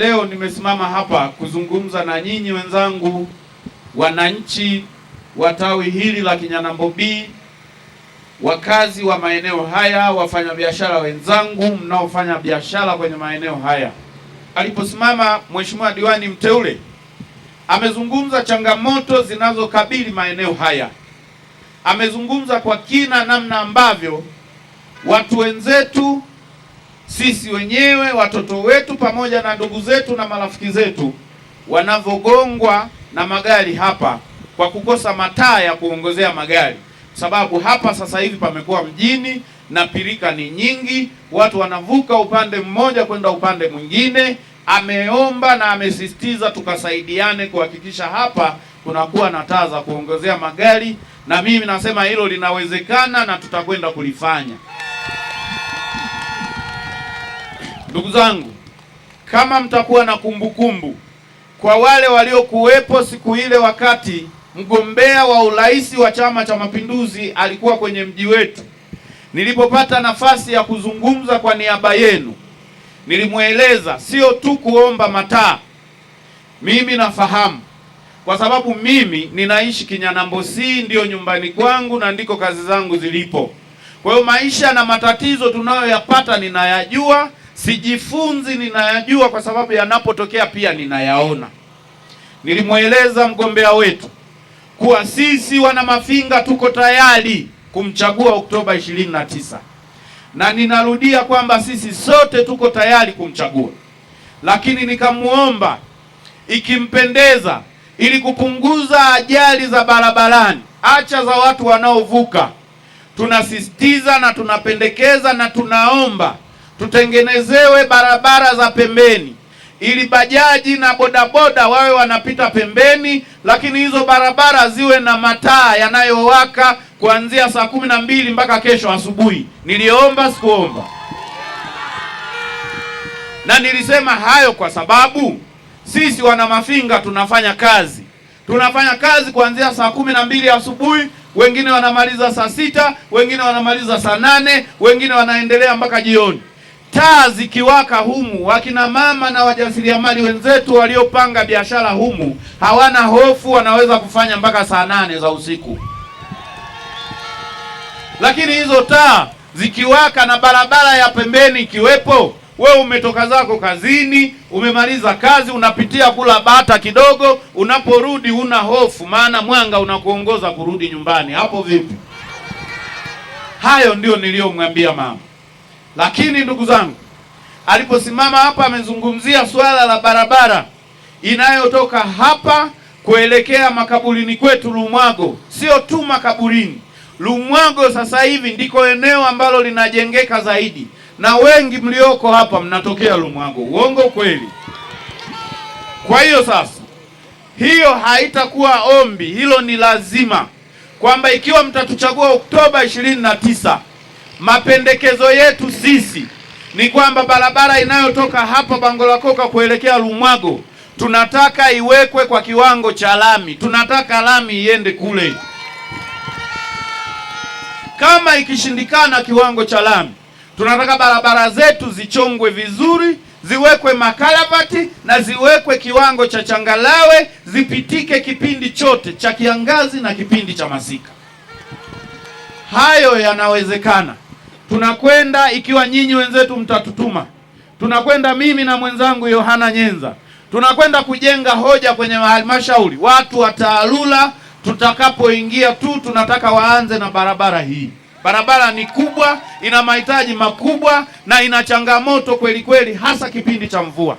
leo nimesimama hapa kuzungumza na nyinyi wenzangu wananchi wa tawi hili la Kinyanambo B, wakazi wa maeneo haya, wafanyabiashara wenzangu mnaofanya biashara kwenye maeneo haya. Aliposimama Mheshimiwa diwani mteule, amezungumza changamoto zinazokabili maeneo haya, amezungumza kwa kina namna ambavyo watu wenzetu sisi wenyewe, watoto wetu, pamoja na ndugu zetu na marafiki zetu wanavyogongwa na magari hapa kwa kukosa mataa ya kuongozea magari, sababu hapa sasa hivi pamekuwa mjini na pirika ni nyingi, watu wanavuka upande mmoja kwenda upande mwingine. Ameomba na amesisitiza tukasaidiane kuhakikisha hapa kunakuwa na taa za kuongozea magari, na mimi nasema hilo linawezekana na tutakwenda kulifanya. Ndugu zangu, kama mtakuwa na kumbukumbu kumbu, kwa wale waliokuwepo siku ile wakati mgombea wa urais wa Chama cha Mapinduzi alikuwa kwenye mji wetu, nilipopata nafasi ya kuzungumza kwa niaba yenu, nilimweleza sio tu kuomba mataa. Mimi nafahamu kwa sababu mimi ninaishi Kinyanambosi, ndiyo nyumbani kwangu na ndiko kazi zangu zilipo. Kwa hiyo maisha na matatizo tunayoyapata ninayajua sijifunzi, ninayajua kwa sababu yanapotokea pia ninayaona. Nilimweleza mgombea wetu kuwa sisi wana Mafinga tuko tayari kumchagua Oktoba 29 na ninarudia kwamba sisi sote tuko tayari kumchagua, lakini nikamwomba ikimpendeza, ili kupunguza ajali za barabarani, acha za watu wanaovuka, tunasisitiza na tunapendekeza na tunaomba tutengenezewe barabara za pembeni ili bajaji na bodaboda wawe wanapita pembeni, lakini hizo barabara ziwe na mataa yanayowaka kuanzia saa kumi na mbili mpaka kesho asubuhi. Niliomba, sikuomba na nilisema hayo kwa sababu sisi wana Mafinga tunafanya kazi, tunafanya kazi kuanzia saa kumi na mbili asubuhi, wengine wanamaliza saa sita, wengine wanamaliza saa nane, wengine wanaendelea mpaka jioni taa zikiwaka humu, wakina mama na wajasiriamali wenzetu waliopanga biashara humu hawana hofu, wanaweza kufanya mpaka saa nane za usiku. Lakini hizo taa zikiwaka na barabara ya pembeni ikiwepo, wewe umetoka zako kazini, umemaliza kazi, unapitia kula bata kidogo, unaporudi una hofu, maana mwanga unakuongoza kurudi nyumbani. Hapo vipi? Hayo ndio niliyomwambia mama. Lakini ndugu zangu, aliposimama hapa amezungumzia suala la barabara inayotoka hapa kuelekea makaburini kwetu Lumwago. Sio tu makaburini, Lumwago sasa hivi ndiko eneo ambalo linajengeka zaidi, na wengi mlioko hapa mnatokea Lumwago. Uongo kweli? Kwa hiyo sasa, hiyo haitakuwa ombi, hilo ni lazima, kwamba ikiwa mtatuchagua Oktoba ishirini na tisa Mapendekezo yetu sisi ni kwamba barabara inayotoka hapa Bangolakoka kuelekea Lumwago tunataka iwekwe kwa kiwango cha lami. Tunataka lami iende kule. Kama ikishindikana kiwango cha lami, tunataka barabara zetu zichongwe vizuri, ziwekwe makalavati na ziwekwe kiwango cha changalawe, zipitike kipindi chote cha kiangazi na kipindi cha masika. Hayo yanawezekana. Tunakwenda ikiwa nyinyi wenzetu mtatutuma, tunakwenda mimi na mwenzangu Yohana Nyenza, tunakwenda kujenga hoja kwenye halmashauri. Watu wa tutakapoingia tu, tunataka waanze na barabara hii. Barabara ni kubwa, ina mahitaji makubwa na ina changamoto kweli kweli, hasa kipindi cha mvua.